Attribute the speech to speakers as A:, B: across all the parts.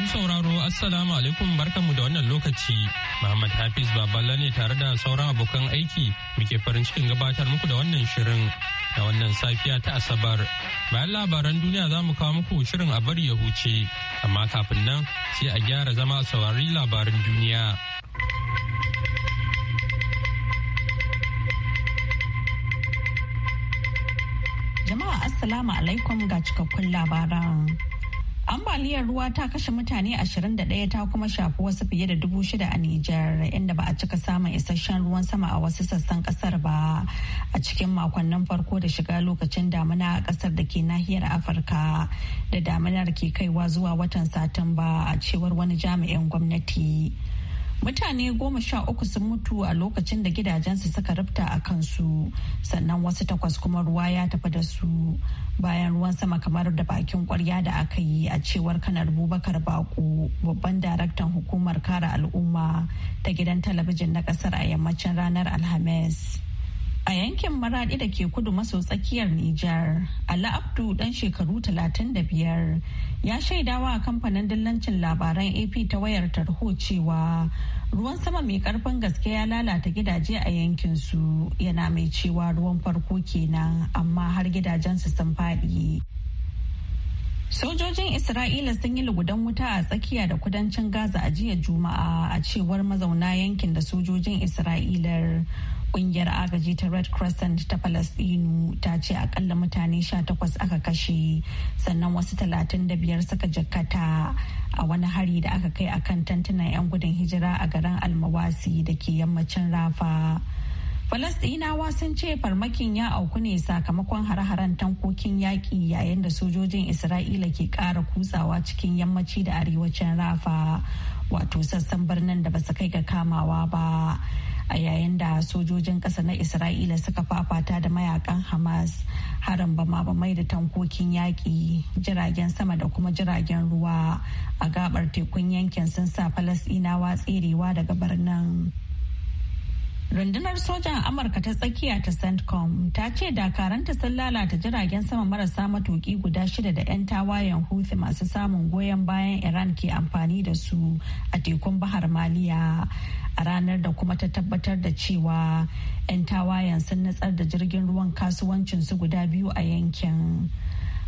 A: Masu sauraro Assalamu alaikum barkanmu da wannan lokaci. Muhammad Hafiz Baballa ne tare da sauran abokan aiki muke farin cikin gabatar muku da wannan shirin da wannan safiya ta Asabar. Bayan labaran duniya za mu kawo muku shirin a bari ya huce, amma kafin nan sai a gyara zama a saurari labaran duniya.
B: Jama'a Assalamu alaikum ga cikakkun labaran. ambaliyar ruwa ta kashe mutane 21 ta kuma shafi wasu fiye da dubu shida a Nijar inda ba a cika samun isasshen ruwan sama a wasu sassan kasar ba a cikin makonnin farko da shiga lokacin damina a kasar da ke nahiyar Afirka da daminar ke kaiwa zuwa watan Satumba a cewar wani jami'in gwamnati. mutane goma sha uku sun mutu a lokacin da gidajensu suka rufta a kansu sannan wasu takwas kuma ruwa ya tafi da su bayan ruwan sama kamar da bakin kwarya da aka yi a cewar kanar bubakar bako babban daraktan hukumar kare al'umma ta gidan talabijin na kasar a yammacin ranar alhamis A yankin Maraɗi da ke kudu maso tsakiyar Nijar, Ala Abdu dan shekaru 35 ya shaidawa a kamfanin dillancin labaran AP ta wayar tarho cewa ruwan sama mai karfin gaske ya lalata gidaje a yankin su yana mai cewa ruwan farko kenan amma har gidajen su sun faɗi. Sojojin Isra'ila sun yi lugudan wuta a tsakiya da kudancin Gaza a jiya Juma'a a cewar mazauna yankin da sojojin Isra'ilar. Kungiyar agaji ta Red Crescent ta Falasɗinu ta ce akalla mutane 18 aka kashe sannan wasu 35 suka jakata a wani hari da aka kai akan tantunan 'yan gudun hijira a garin Almawasi da ke yammacin Rafa. Falasɗinawa sun ce farmakin ya auku ne sakamakon hare-haren tankokin yaƙi yayin da sojojin Isra'ila ke ƙara kutsawa cikin yammaci da arewacin Rafa, wato sassan birnin da ba su kai ga kamawa ba. a yayin da sojojin ƙasa na isra'ila suka fafata da mayakan hamas harin bama mai da tankokin yaƙi jiragen sama da kuma jiragen ruwa a gabar tekun yankin sun sa falasɗinawa tserewa daga birnin rundunar sojan amurka ta tsakiya ta centcom ta ce dakaranta sun lalata jiragen sama marasa matuki guda shida da 'yan tawayen houthi masu samun goyon bayan iran ke amfani da su a tekun bahar maliya a ranar da kuma ta tabbatar da cewa 'yan tawayen sun nutsar da jirgin ruwan kasuwancinsu guda biyu a yankin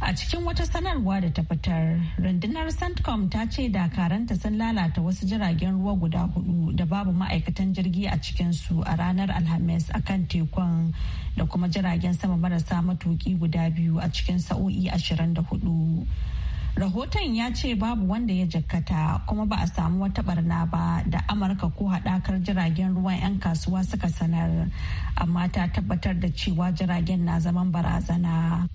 B: A cikin wata sanarwa da ta fitar, rundunar Centcom ta ce dakaranta sun lalata wasu jiragen ruwa guda hudu da babu ma'aikatan jirgi a cikinsu a ranar Alhamis a kan tekun da kuma jiragen sama marasa matuki guda biyu a cikin sa'o'i ashirin da hudu. Rahoton ya ce babu wanda ya jakkata kuma ba a samu wata barna ba da Amurka ko haɗakar jiragen ruwan 'yan kasuwa suka sanar, amma ta tabbatar da cewa jiragen na zaman barazana.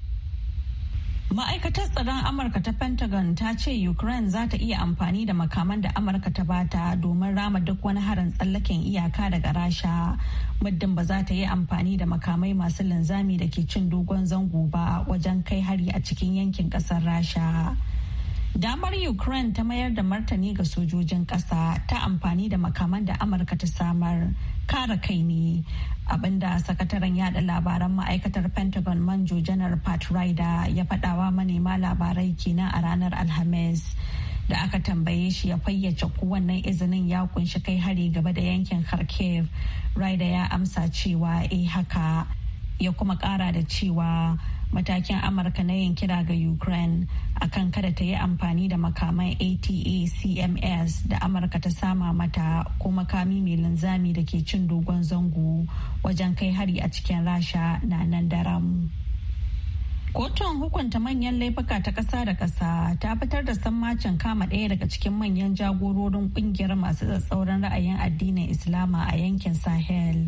B: Ma'aikatar tsaron Amurka ta Pentagon ta ce Ukraine za ta iya amfani da makaman da Amurka ta bata domin rama duk wani harin tsallaken iyaka daga Rasha. Muddin ba za ta yi amfani da makamai masu linzami da ke cin dogon zango ba wajen kai hari a cikin yankin ƙasar Rasha. damar ukraine ta mayar da martani ga sojojin ƙasa ta amfani da makaman da amurka ta samar kare kai ne abinda sakataren yada labaran ma'aikatar pentagon manjo janar pat ryder ya faɗawa manema labarai kenan a ranar alhamis da aka tambaye shi ya fayyace kowannan izinin ya kunshi kai hari gaba da yankin kharkiv ryder ya amsa cewa eh haka ya kuma kara da cewa matakin amurka na yin kira ga ukraine akan kada ta yi amfani da makaman ata cms da amurka ta sama mata ko makami mai linzami da ke cin dogon zango wajen kai hari a cikin rasha na nan daram kotun hukunta manyan laifuka ta ƙasa da ƙasa ta fitar da sammacin kama ɗaya daga cikin manyan jagororin ƙungiyar masu tsatsauran ra'ayin addinin islama a yankin sahel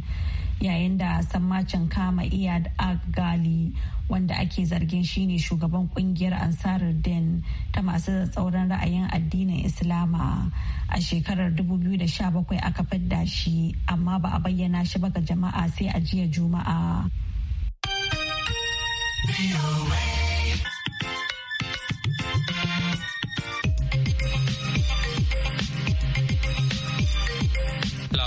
B: yayin da sammacin kama iyad agali wanda ake zargin shine shugaban kungiyar ansarar din ta masu tsauran ra'ayin addinin islama a shekarar 2017 aka fadda shi amma ba a bayyana shi ba ga jama'a sai a jiya juma'a.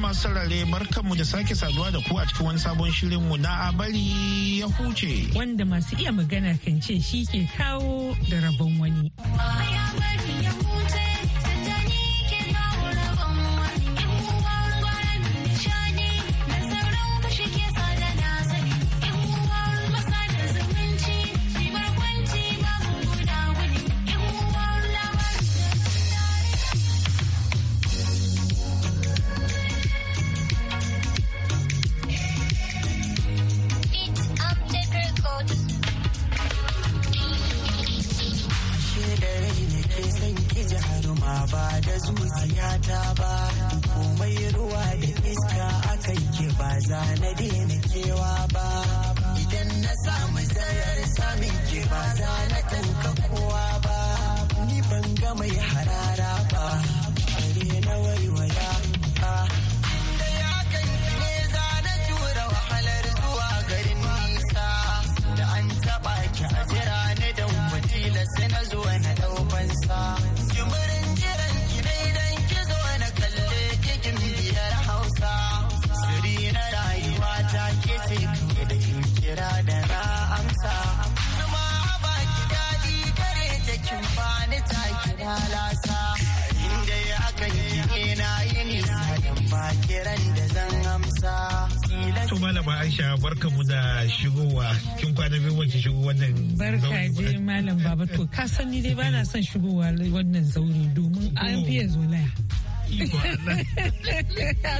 C: masu sarare barkanmu da sake saduwa da ku a cikin wani sabon shirinmu na abari ya huce. Wanda
D: masu iya magana kan ce shi ke kawo da rabon wani.
E: ya
C: Aisha barka mu da shigowa kin kwana biyu wace shigo wannan barka
D: je malam baba to ka sani dai ba bana son shigowa wannan zauri domin oh. an fiye zolaya iko Allah.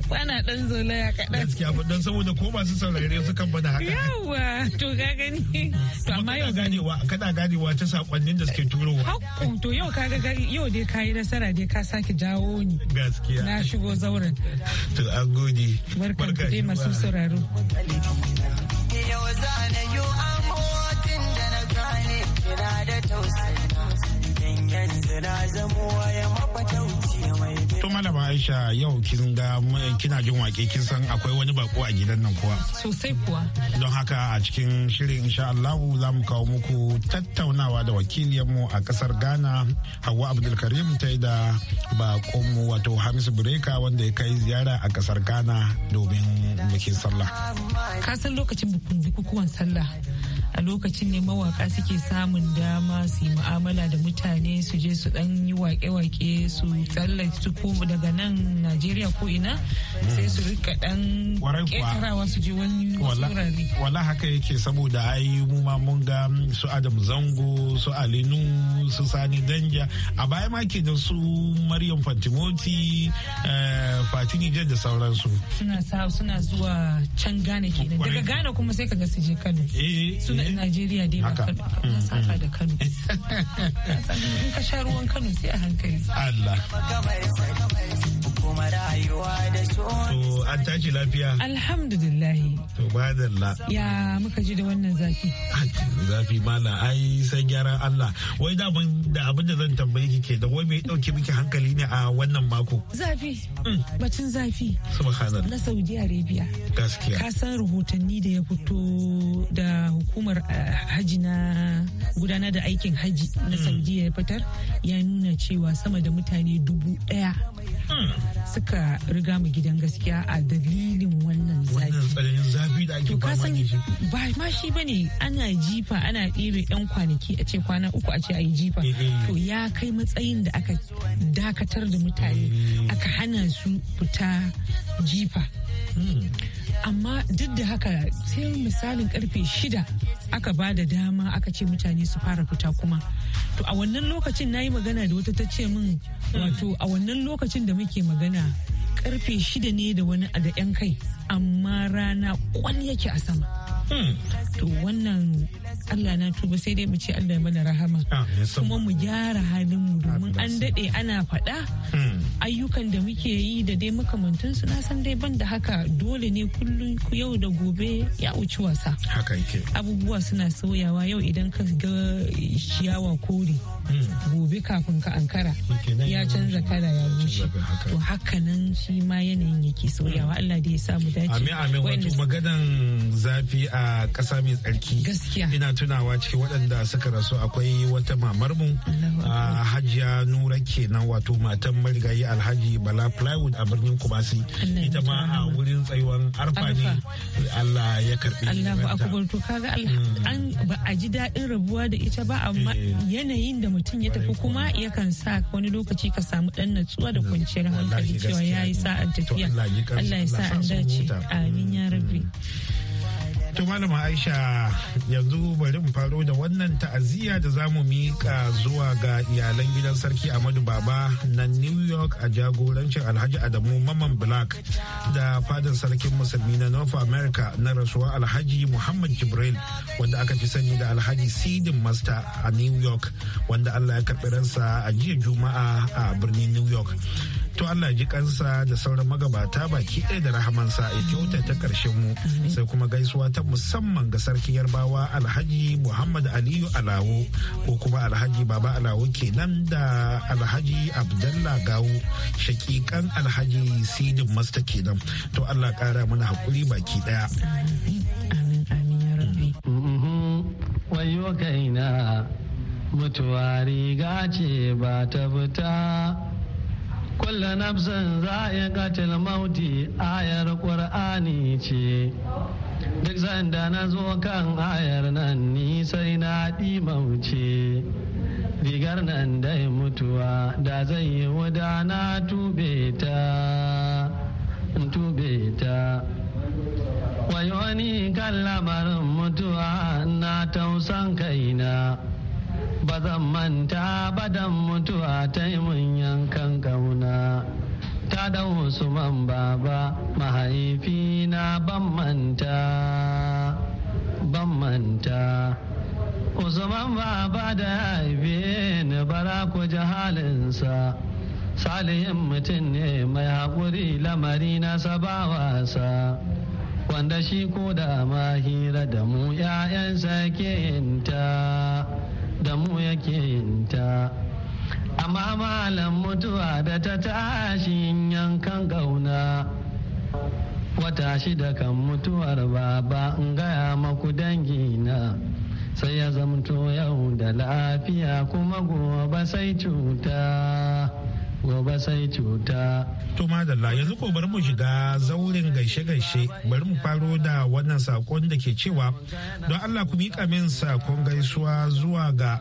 D: Kwana dan zola ya kaɗan.
C: Gaskiya ba don saboda ko masu saurare su kan
D: bada haka. Yawwa to ga gani. To amma yau ganewa kana ganewa
C: ta sakonnin da suke turowa.
D: Hakkun to yau kaga gari yau dai ka yi nasara dai ka sake jawo ni.
C: Gaskiya. Na
D: shigo zauren.
C: To an gode.
D: dai masu sauraro.
F: Yau zane yu amotin da na gane
G: kina da tausayi. yanzu na zamo ya mafatauci
C: mai To malama Aisha yau kin ga kina jin wake kin san akwai wani bako a gidan nan kuwa.
D: Sosai kuwa.
C: Don haka a cikin shirin insha Allah za mu kawo muku tattaunawa da wakiliyarmu a kasar Ghana hawwa Abdulkarim ta yi da mu wato hamis Breka wanda ya kai ziyara a kasar Ghana domin bikin sallah.
D: Ka san lokacin bukukuwan sallah a lokacin ne mawaka suke samun dama su yi mu'amala da mutane su je su dan yi wake-wake su tsallake su ko daga nan najeriya ko ina sai su rika dan ketarawa
C: su je wani wurare wala haka yake saboda ai mu ma mun ga mm, su adam zango su alinu su sani danja a baya ma ke da su maryam fatimoti eh, fatini da sauransu
D: suna zuwa can gane kenan daga gane kuma sai ka ga su je kano eh, Najeriya dai ba Kano an saka da Kano. In ka sha ruwan Kano sai a hankali.
C: Allah. kuma rayuwa da so. To an tashi lafiya.
D: Alhamdulillahi.
C: To madalla.
D: Ya muka ji da wannan zafi.
C: Zafi mala ai sai gyaran Allah. Wai da ban da abin da zan tambaye ki ke da wai mai dauke miki hankali ne a wannan mako.
D: Zafi. Hmm. Bacin zafi. Subhanallah. Na Saudi Arabia. Gaskiya. Ka san rahotanni da ya fito da hukumar eh, haji na gudanar da aikin haji na hmm. Saudi ya fitar ya nuna cewa sama da mutane dubu daya. Hmm. suka riga mu gidan gaskiya a dalilin wannan
C: zafi to kasan
D: ba ma shi bane ana jifa ana ɗebe yan kwanaki a ce kwana uku a ce a yi jifa eh, eh. to ya kai matsayin da aka dakatar da mutane hmm. aka hana su fita jifa hmm. amma duk da haka sai misalin karfe shida aka ba da dama aka ce mutane su fara fita kuma to a wannan lokacin na yi magana da wata ta ce min wato a wannan lokacin da muke magana karfe shida ne da wani da 'yan kai amma rana kwan yake a sama hmm. to wannan Allah na tuba sai dai mu ce Allah ya mana rahama
E: ah, kuma mu
D: gyara halin mu domin an daɗe ana faɗa hmm. ayyukan da muke yi da dai makamantan su na san dai ban da haka dole ne kullum yau da gobe ya wuci wasa abubuwa suna sauyawa yau idan ka ga ciyawa kore hmm. gobe kafin ka ankara ya canza kala ya wuce to haka nan shi ma yanayin yake sauyawa Allah da ya samu dace. Amin amin wato
C: maganan zafi a ƙasa mai tsarki. Gaskiya. Ina tunawa cikin waɗanda suka rasu akwai wata mamarmu a Hajiya Nura kenan wato matan marigayi Alhaji Bala Plywood a birnin Kumasi. Ita ma a wurin tsayuwan arfa ne Allah ya karɓi. Allahu akbar
D: to kaga hmm. an ba a ji daɗin rabuwa da ita ba amma eh. yanayin da mutum ya tafi kuma yakan sa wani lokaci ka samu ɗan natsuwa da hmm.
C: kwanciyar hankali cewa ya yi sa'ar tafiya. Allah ya sa an dace. ta. Amin ya mm. rabbi. To Malama Aisha yanzu bari mu faro da wannan ta'aziyya da za mu miƙa zuwa ga iyalan gidan sarki Ahmadu Baba na New York a jagorancin Alhaji Adamu Maman Black da fadar sarkin musulmi na North America na rasuwa Alhaji Muhammad Jibril wanda aka fi sani da Alhaji Sidin Master a New York wanda Allah ya karɓi ransa a jiya Juma'a a birnin New York. to Allah ji kansa da sauran magabata baki ɗaya da rahamansa ya kyauta ta ƙarshen mu sai kuma gaisuwa ta musamman ga Sarki yarbawa alhaji Muhammad Aliyu Alawo ko kuma alhaji Baba Alawo kenan da alhaji Abdallah Gawo shakikan alhaji Sidin Masta kenan to Allah ƙara mana hakuri baki ɗaya.
E: Wayo kaina mutuwa riga ce ba ta fita kulla nafsin za'iqatul mauti ayar qur'ani ce duk sanda na zo kan ayar nan ni sai na ɗi mauce rigar nan dai mutuwa da zai yi wuda na tube ta tube ta wayoni kan lamarin mutuwa na tausan kaina ba zan manta badan mutuwa ta yi mun yankan kauna ta da usman baba mahaifina ban manta ban manta usman baba da haife ni bara ku ji halinsa salihin mutum ne mai haƙuri lamari na sabawasa wanda shi ko da mahira da mu 'ya'yansa ke yinta da mu yake yinta amma malam mutuwa da ta tashi yankan ƙauna wata shida kan mutuwar baba in gaya maku dangina sai ya zamto yau da lafiya kuma gobe sai cuta sai
C: cuta. To madalla yanzu ko bari mu shiga zaurin gaishe-gaishe bari mu faro da wannan sakon da ke cewa don Allah ku miƙa min sakon gaisuwa zuwa ga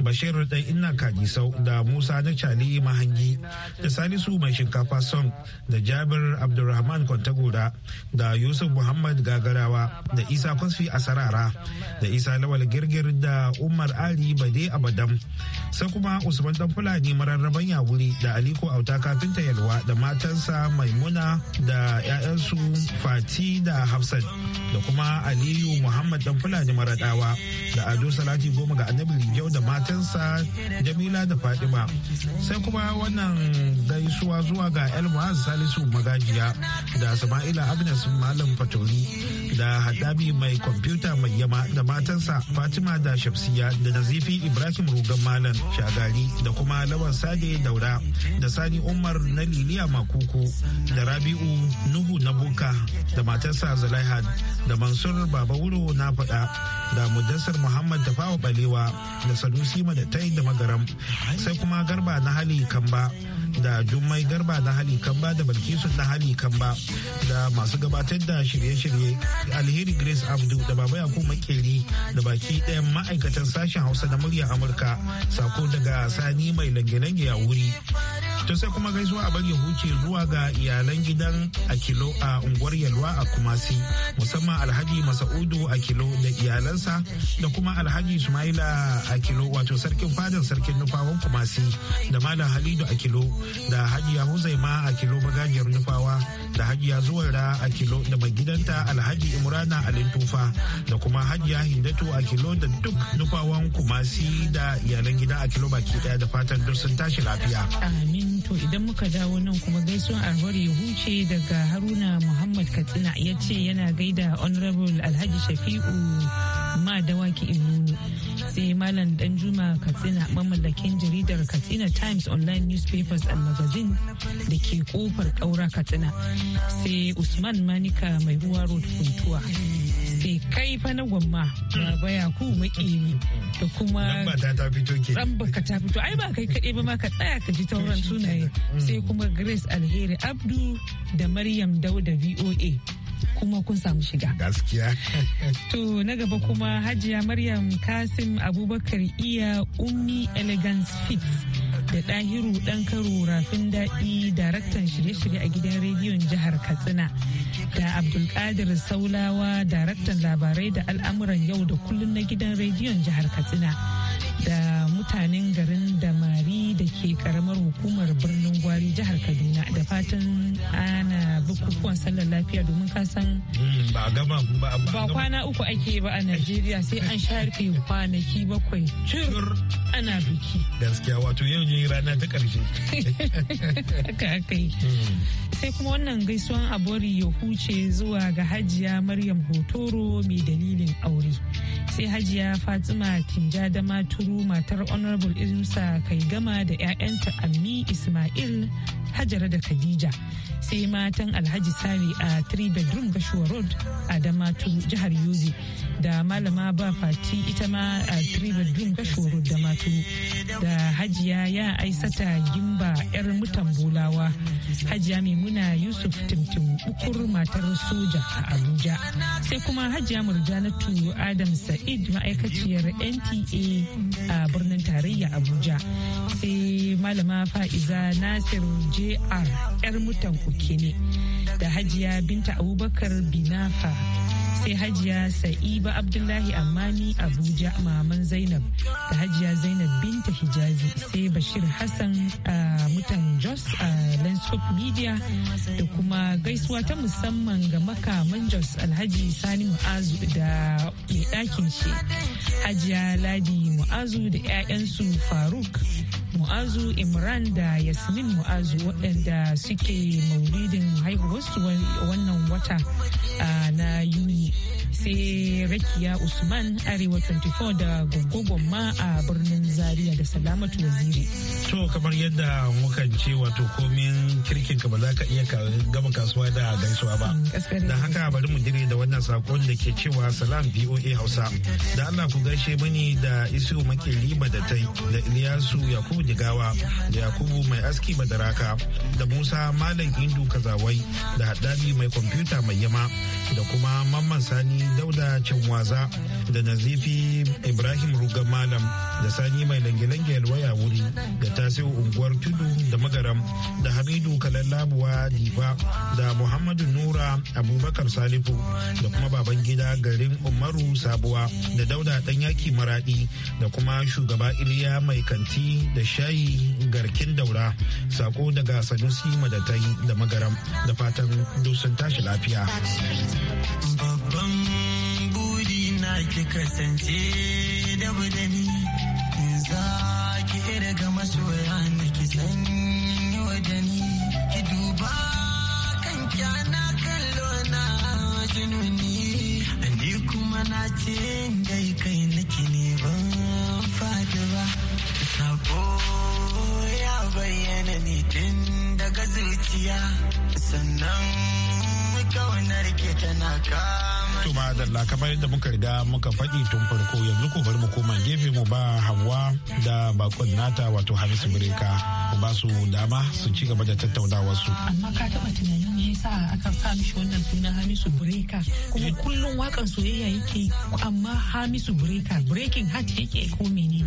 C: Bashir dan Inna Kadisau da Musa na Cali Mahangi da Salisu mai shinkafa son da Jabir Abdulrahman Kwantagora da Yusuf Muhammad Gagarawa da Isa Kwasfi Asarara da Isa Lawal Girgir da Umar Ali Bade Abadam sai kuma Usman Dan Fulani mararraban Yawuri da Aliko Auta kafinta Yalwa da matansa Maimuna da 'ya'yansu Fati da Hafsat da kuma Aliyu Muhammad dan Fulani Maradawa da Ado Salati Goma ga Annabi Rijau da matansa Jamila da Fatima. Sai kuma wannan gaisuwa zuwa ga El Salisu Magajiya da Sama'ila Agnes Malam Fatoli da Hadabi mai kwamfuta mai yama da matansa Fatima da Shafsiya da Nazifi Ibrahim Rugan Malam Shagari da kuma Lawan Sade Daura da sani umar na liliya makuku da rabi'u nuhu na buka da matarsa zulaihad da mansur baba wuro na fada da mudassar muhammad da fawa balewa da da madatai da magaram sai kuma garba na hali kamba da jummai garba na hali kamba da balkisu na hali kamba da masu gabatar da shirye-shirye alheri grace abdu da baba yakub makeri da baki ɗayan ma'aikatan sashen hausa na murya amurka sako daga sani mai lange-lange a wuri but To sai kuma gaisuwa a bari huce zuwa ga iyalan gidan Akilo a unguwar Yalwa a Kumasi musamman Alhaji Masa'udu a kilo da iyalansa da kuma Alhaji Sumaila Akilo wato sarkin fadan sarkin nufawan Kumasi da Malam Halidu Akilo da Hajiya Huzaima Akilo magajiyar nufawa da Hajiya a Akilo da mai Alhaji Imrana Alintufa da kuma Hajiya Hindatu a kilo da duk nufawan Kumasi da iyalan gida a kilo baki daya da fatan duk sun tashi lafiya.
D: to idan muka dawo nan kuma gaisuwan arwar ya huce daga haruna muhammad katsina ya ce yana gaida honorable alhaji shafi'u ma dawaki imunu sai malam danjuma katsina mamallakin jaridar katsina times online newspapers and magazine da ke kofar ƙaura katsina sai usman manika mai ruwa road ce kai fa na gwamma baba ya ku makini da kuma ta fito baka ta fito ai ba kai kaɗai ba ma ka tsaya ka ji tauran sunaye mm. sai kuma Grace Alheri Abdu da Maryam Dauda VOA kuma kun samu shiga. Gaskiya. to na gaba kuma Hajiya Maryam Kasim Abubakar iya Ummi Elegance Fit. da ɗahiru ɗan karo rafin daɗi daraktan shirye-shirye a gidan rediyon jihar katsina da abdulkadir saulawa daraktan labarai da al'amuran yau da kullun na gidan rediyon jihar katsina da mutanen garin da da ke karamar hukumar birnin gwari jihar kaduna da fatan ana bukukuwan sallar lafiya domin kasan
C: hmm, ba
D: kwana uku ake ba a najeriya sai an sharfe kwanaki bakwai cur ana biki
C: gaskiya wato yau ne rana ta karshe haka hmm.
D: sai kuma wannan gaisuwan abori ya huce zuwa ga hajiya maryam hotoro mai dalilin aure sai hajiya fatima tinja da maturu matar honorable inusa kai gama da 'ya'yanta ammi ismail hajara da khadija sai matan alhaji sari a 3 bedroom Bashuwa road a damatu jihar yuzi da malama ba fati ita ma a 3 bedroom Bashuwa road da da hajiya ya aisata gimba 'yar mutan bulawa hajiya maimuna yusuf timtim ukur matar soja a abuja sai kuma hajiya murjanatu adam sa'id ma'aikaciyar nta a birnin tarayya abuja sai malama fa'iza nasiru jr yar mutan kuke ne da hajiya binta abubakar binafa sai hajiya sa'iba abdullahi amani abuja maman zainab da hajiya zainab binta hijazi sai bashir hassan a mutan jos a landscope media da kuma gaisuwa ta musamman ga makaman jos alhaji sani mu'azu da mai ɗakin shi hajiya ladi mu'azu da 'ya'yansu faruk mu'azu imran da yasmin mu'azu waɗanda suke maulidin haihuwarsu wannan wata na yuni sai rakiya usman arewa 24 da gogogon ma a birnin zaria da salamatu waziri
C: to kamar yadda mukan ce wato komin kirkin ka ba za ka iya gama kasuwa da gaisuwa ba mm, da haka bari mu gire da wannan sakon da ke cewa salam voa hausa da allah ku gaishe mani da isu liba da tai da iliyasu yakubu Shehu Jigawa da Yakubu Mai Aski Badaraka da Musa Malam Indu Kazawai da Haddadi Mai Kwamfuta Mai Yama da kuma Mamman Sani Dauda Canwaza da Nazifi Ibrahim Ruga Malam da Sani Mai lange Alwaya Wuri da tasiru Unguwar Tudu da Magaram da Hamidu Kalallabuwa Difa da Muhammadu Nura Abubakar Salifu da kuma Baban Gida Garin Umaru Sabuwa da Dauda yaki Maradi da kuma Shugaba Iliya Mai Kanti da shayi garkin daura sako daga sanusi madatai da magaram da fatan dusun tashi lafiya babban buri na ki kasance da budani
G: za ki ga masoya na ki san ki duba kan kyana kallo na jinuni ni kuma na ce dai kai nake ne ban fadi ba sako ya bayyana ne tun daga zuciya sannan kaunar ke tana kama
C: Tuma madalla kamar yadda muka riga muka faɗi tun farko yanzu ko bari mu koma gefe mu ba hawa da bakon nata wato hamisu bireka ba su dama su ci gaba da tattaunawar su
D: amma ka taɓa tunani sa aka sa mishi wannan suna Hamisu Breaker kuma kullum wakan soyayya yake amma Hamisu Breaker breaking heart yake ko menene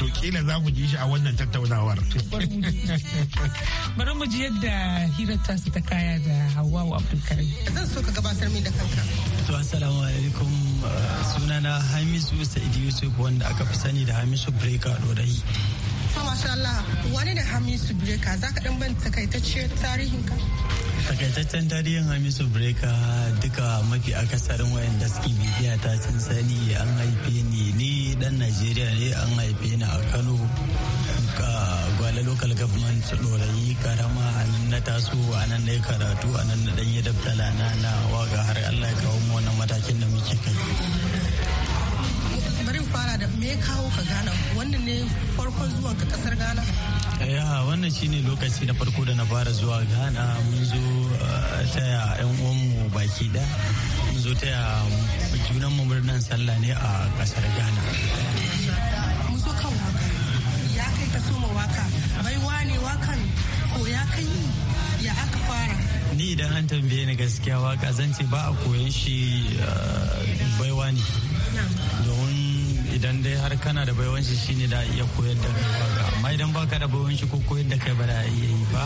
C: to kila za mu ji shi a wannan tattaunawar bari
D: mu ji yadda hirar tasu ta kaya da Hawwa Karim zan so ka gabatar
F: min da kanka
C: to
G: assalamu alaikum uh, sunana Hamisu Sa'id Yusuf wanda aka fi sani da Hamisu Breaker Dorayi
F: masha Allah wani da Hamisu Breaker zaka dan ban takaitacciyar tarihin ka
G: takaitaccen tarihin hamisu breka duka mafi akasarin wayanda suke bibiya ta sun sani an haife ni ni dan najeriya ne an haife ni a kano gwale local government ɗorayi karama a nan na taso a nan na yi karatu a nan na dan yi daftala na na waga har allah ya kawo mu wannan matakin da muke kai
F: bari fara da me kawo ka gana wannan ne farkon zuwan ka kasar gana
G: ya wannan shine lokaci na farko da na fara zuwa ghana mun zo taya 'yan uwanmu baki da mun zo taya junan mu murnan sallah ne a kasar ghana
F: mun kan waka ya kai ka soma waka baiwa ne wakan ko ya kai ya aka fara
G: ni idan an tambaye ni gaskiya waka zan ce ba a koyan shi eh, baiwa ne domin idan dai har kana da baiwan shine da iya koyar da waka amma idan baka da bawon shi ko koyar da kai ba da iya yi ba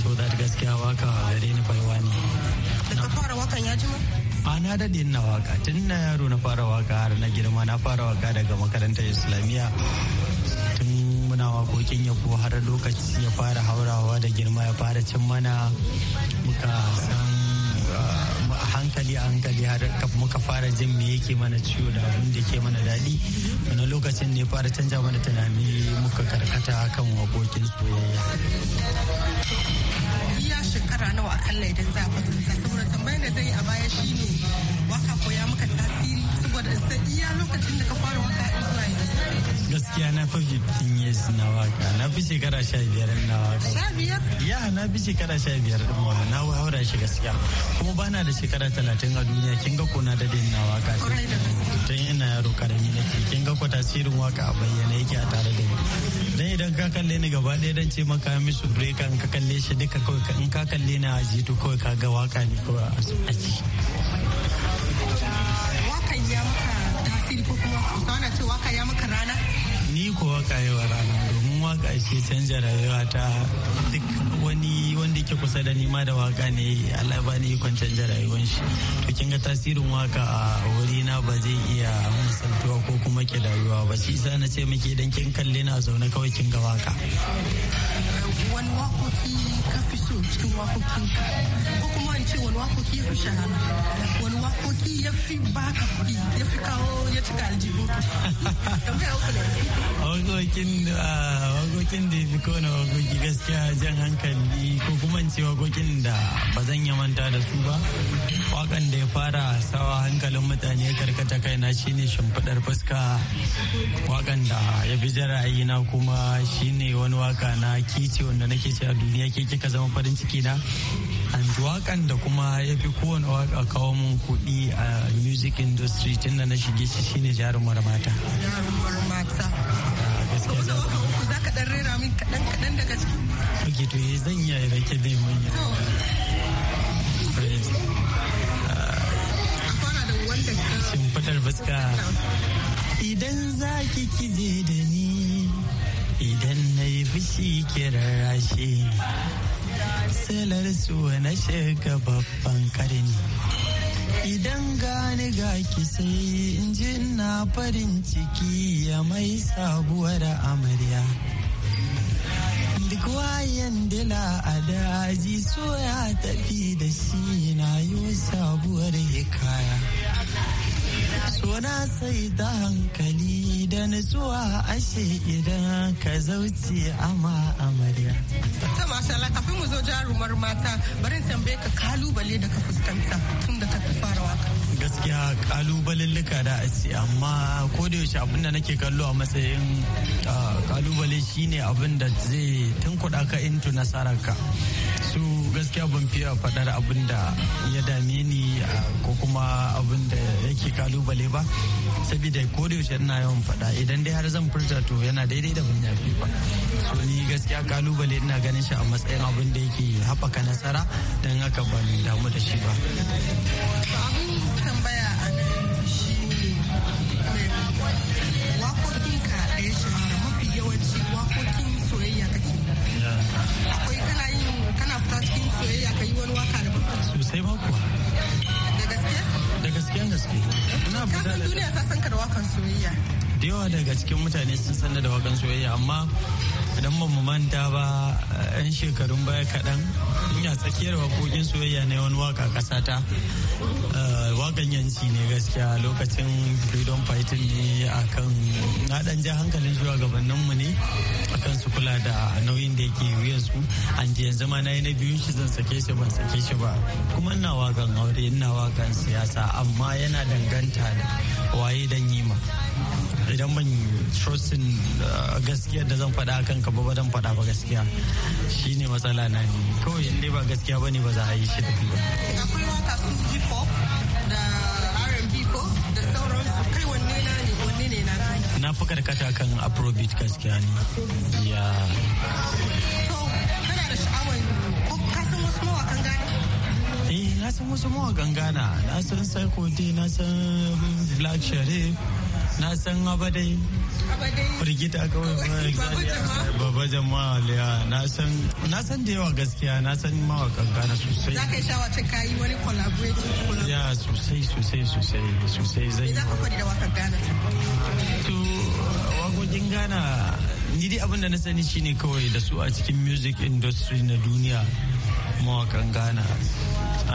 G: so that gaskiya waka gare ni baiwa ne da
F: fara wakan ya ji
G: a na dade na waka tun na yaro na fara waka har na girma na fara waka daga makarantar islamiyya tun muna wakokin ya ko har lokaci ya fara haurawa da girma ya fara cin mana muka san ah, hankali a hankali har muka fara jin me yake mana ciwo da abin da ke mana daɗi wani lokacin ne fara canja mana tunani muka karkata kan abokin soyayya
F: ya shekara nawa allah idan za a kwatanta saboda tambayar da zai a baya shine waka koya maka tasiri saboda iya lokacin da ka fara waka zuwa
G: gaskiya na fi 15 years na waka na fi shekara sha biyar na waka ya na fi shekara sha biyar din waka na haura shi gaskiya kuma ba na da shekara talatin a duniya kin ga ko na dade na waka tun ina yaro karami ke kin ga ko tasirin waka a bayyana yake a tare da ni dan idan ka kalle ni gaba ɗaya dan ce maka misu breaker in ka kalle shi duka kawai in ka kalle ni a jito kawai ka ga waka ne kawai a ciki
F: wakan ya maka tasiri ko kuma sauna ce waka ya maka rana
G: ko waka yau rana domin waka ce canza rayuwa ta duk wani wanda ke kusa da nima da waka ne Allah ba ni ikon canja rayuwar shi to kin ga tasirin waka a wuri na ba zai iya misaltuwa ko kuma ke rayuwa ba shi sa na ce miki dan kin kalle na zaune kawai kin ga waka
F: wani ka fi so cikin wakokin ka ko kuma in ce wani wakoki ya fi shahara wani ah, wakoki ya fi baka kuɗi ya fi kawo ya aljihu
G: wakokin wakokin da ya fi kona wakoki gaskiya jan hankali ko kuma in ce wakokin da ba zan yi manta da su ba wakan da ya fara sawa hankalin mutane karkata kaina shine shimfiɗar fuska wakan da ya fi jara'ayi na kuma shine wani waka na kici wanda nake ce a duniya ke kika zama farin ciki na waƙan da kuma ya fi kowane waƙa kawo mun kuɗi a music industry tun da na shige shi shine jarin mata. jarin mata. Gaskiya za
F: ka rera min kaɗan kaɗan daga ciki.
G: Ok to eh, fuska. Idan za ki kije da ni, idan na yi fushi ki rashe selar su na shiga babban karni. Idan gani ga sai in ji na farin ciki ya mai sabuwar amarya. Duk wayan dila a daji so ya tafi da shi na yi sabuwar hikaya. suna sai da hankali da nutsuwa ashe idan ka zauce ama amarya
F: ta masha Allah kafin mu zo jarumar mata barin tambaye ka kalubale da ka fuskanta tun da ka fara waka
G: gaskiya kalubalillika da a ce amma kodayaushe abin da nake kallo a matsayin kalubale shine abin da zai tunkuɗa ka into nasararka su gaskiya ban fiye faɗar abin da ya dame ni ko kuma abin da yake kalubale ba saboda ko da yaushe ina yawan faɗa idan dai har zan furta to yana daidai da ban yafi ba so ni gaskiya kalubale ina ganin shi a matsayin abin da yake haɓaka nasara don haka ban damu da shi ba
F: abin tambaya a nan shi ne wakokin ka ɗaya shahara mafi yawanci wakokin soyayya kake akwai kana yin kana fita cikin soyayya ka yi wani waka
G: da sosai ba kuwa gaskiyan gaske
F: ina fita da duniya ta san ka wakan soyayya
G: da yawa daga cikin mutane sun san da wakan soyayya amma idan ba mu manta ba 'yan shekarun baya kaɗan ina tsakiyar waƙoƙin soyayya na wani waka ƙasata eh, wakan yanci ne gaskiya lokacin freedom fighting ne kan na dan ja hankalin gabanin mu ne a kan su kula da nauyin da yake wuyan su an ji yanzu ma na yi na biyun shi zan sake shi ban sake shi ba kuma ina wakan aure ina wakan siyasa amma yana danganta da waye dan yi ma idan ban trustin eh, gaskiyar da zan faɗa kan ka ba dan faɗa ba gaskiya shi ne matsala na ne kawai in dai ba gaskiya bane ba za a yi shi da ba
F: akwai waka su hip hop da R&B ko da sauran su kai wanne na ne wanne ne na
G: na fi karkata kan afrobeat gaskiya ne ya to kana da sha'awar
F: ko ka san wasu mawakan gane
G: eh na san wasu mawakan gana na san Psycho D na san Black Sharif na san abadai firgita kawai baba jama'a liya na san na san da yawa gaskiya na san mawa gana sosai za ka
F: yi shawa ta kayi wani collaborating
G: ya sosai sosai sosai sosai zai za ka
F: faɗi gana to
G: wakokin gana ni dai abinda da na sani shine kawai da su a cikin music industry na duniya mawakan Ghana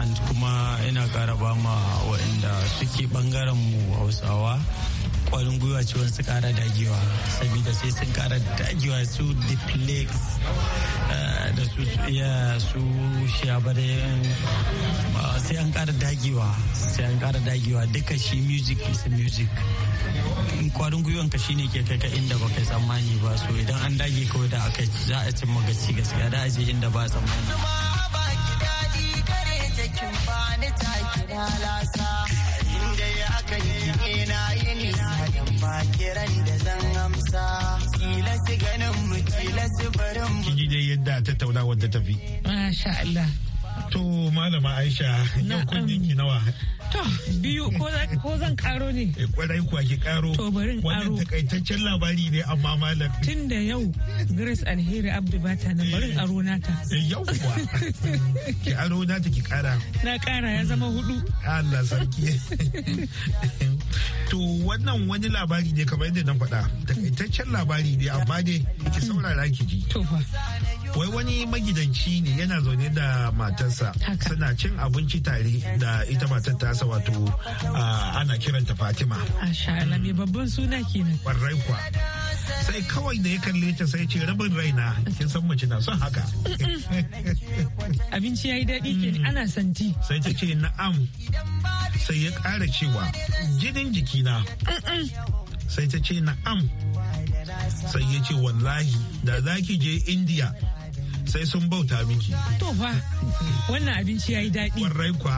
G: and kuma ina kara ba ma waɗanda suke bangaren mu Hausawa kwarin gwiwa cewa su kara dagewa saboda sai sun kara dagewa su deflex eh, da su ya su shabarin sai an kara dagewa sai an kara dagewa duka shi music is music kwarin gwiwan ka shine ke kai ka inda ba kai tsammani ba so idan an dage kawai da aka za a cin magaci gaskiya da aje inda ba tsammani ba
F: yawa kiran da zan amsa
D: kila su ganin mu kila su barin
F: mu
C: kiji dai yadda tattaunawar ta tafi
D: masha Allah
C: To Malama Aisha yau kunnen ki nawa? To biyu
D: ko zan karo ne?
C: Eh, kwarai kuwa ki karo. To bari karo. Wannan takaitaccen labari ne amma malam.
D: Tun da yau Grace Alheri Abdu bata nan bari eh. aro na nata. Eh, yau kuwa.
C: Ki aro na ta ki kara. Na kara ya zama hudu. Allah sarki. To wannan wani labari ne kamar yadda na faɗa takaitaccen labari ne amma ne ki saurara ki ji. Wai wani magidanci ne yana zaune da matarsa suna cin abinci tare da ita matar tasa wato ana kiranta Fatima. Asha, babban suna kenan. kwa. sai kawai da ya kalle ta sai ce rabin raina kin san mace na son haka abinci yayi daɗi ke hmm. ana santi sai ta ce na'am sai ya ƙara cewa jinin jikina sai ta ce na'am sai ya ce wallahi da zaki je india. sai sun bauta miki. To fa, wannan abinci yayi yi daɗi. Warrai kwa,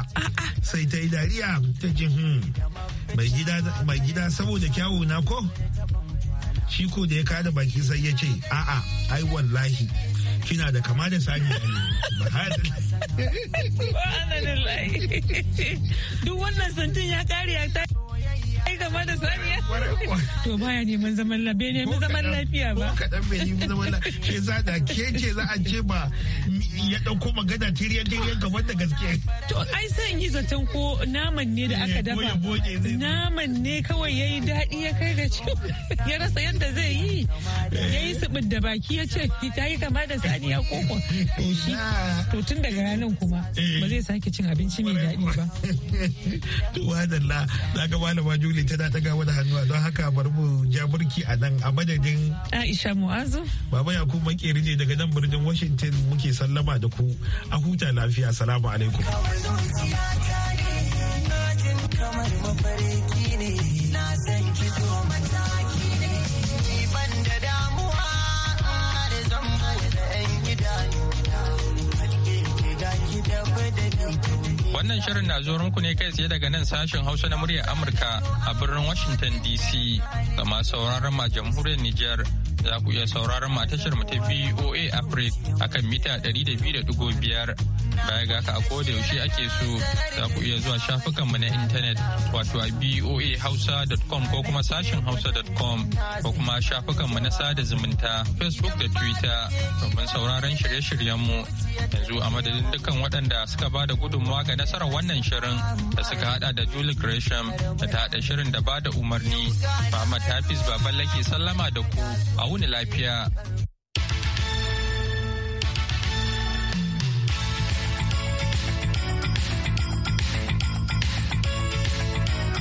C: sai ta yi dariya ta ji hmm, mai gida saboda kyawu na ko? shi ko da ya kada baki sai ya ce a'a ai wallahi kina da kama da sani
D: duk wannan santin ya kare ya ta kama da saniya. To baya neman zaman lafiya, bai neman zaman lafiya ba. Ko kadan bai neman zaman lafiya. Ke za da ke ce za a ce ba ya ɗauko magana tiriyan tiriyan kamar da gaske. To ai san yi zaton ko naman ne da aka eh, dafa. Naman ne kawai ya yi daɗi ya kai ga ciwo ya rasa yadda zai yi. Ya yi da baki ya ce ta yi kama da saniya koko. To to tun
C: daga ranar kuma eh. ba zai sake cin abinci mai daɗi ba. To wadalla za ka malama Juli tana ɗaga wani hannuwa don haka bari mu ja murki a nan a madadin. Aisha Mu'azu. Baba Yakubu Makeri ne daga nan birnin Washington muke sallama sallama da ku a huta lafiya salamu alaikum
A: Wannan shirin na zo ne kai tsaye daga nan sashen Hausa na muryar Amurka a birnin Washington DC ga masu sauraron ma jamhuriyar Nijar za ku iya sauraron matashar mu ta VOA Africa akan mita 200.5 Baya ga ka a koda yaushe ake so za ku iya zuwa shafukanmu na intanet wato a hausa.com ko kuma sashin hausa.com ko kuma shafukanmu na sada zumunta Facebook da Twitter domin sauraron shirye-shiryenmu yanzu a madadin dukkan waɗanda suka ba da gudunmawa ga nasarar wannan shirin da suka haɗa da Julie Gresham da ta haɗa shirin da ba da umarni Muhammad Hafiz Baballake sallama da ku a wuni lafiya.